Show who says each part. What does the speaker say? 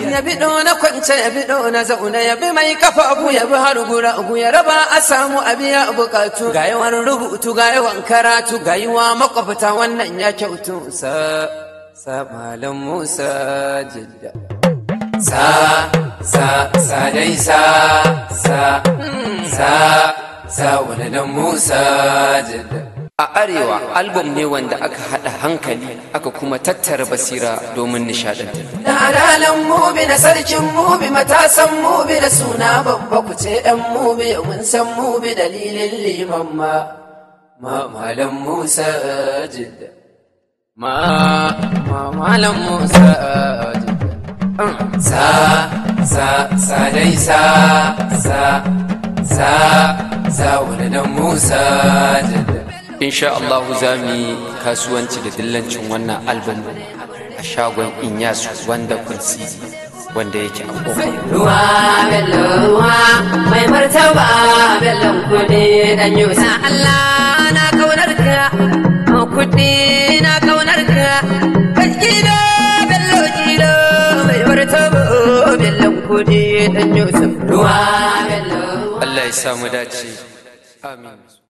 Speaker 1: ya bi na kwance ya bi na zauna ya bi mai kafa abu ya bi har gura ugu ya raba a samu abiya bukatu ga yawan rubutu ga yawan karatu ga yiwa makwabta wannan ya kyautu sa sa malam musa jidda sa sa sa dai sa sa sa sa wani nan musa jidda a arewa album ne wanda aka haɗa hankali aka kuma tattara basira domin nishaɗanta. na alalan mubi na sarkin mubi matasan mubi da suna babba ku ce ɗan mubi mun san mubi dalilin liman ma ma malam musa jidda ma ma malam musa jidda
Speaker 2: mm, sa sa sa dai sa sa sa sa wani dan musa jidda insha Allah za mu yi
Speaker 1: kasuwanci da dillancin wannan album a shagon inyasu wanda kunsi wanda yake a
Speaker 2: ruwa bello ruwa mai martaba
Speaker 1: bellon kudi dan yusa Allah na kaunar ka kudi na kaunar ka kaskilo bello kilo mai martaba
Speaker 2: bellon kudi dan yusa ruwa bello Allah ya samu dace amin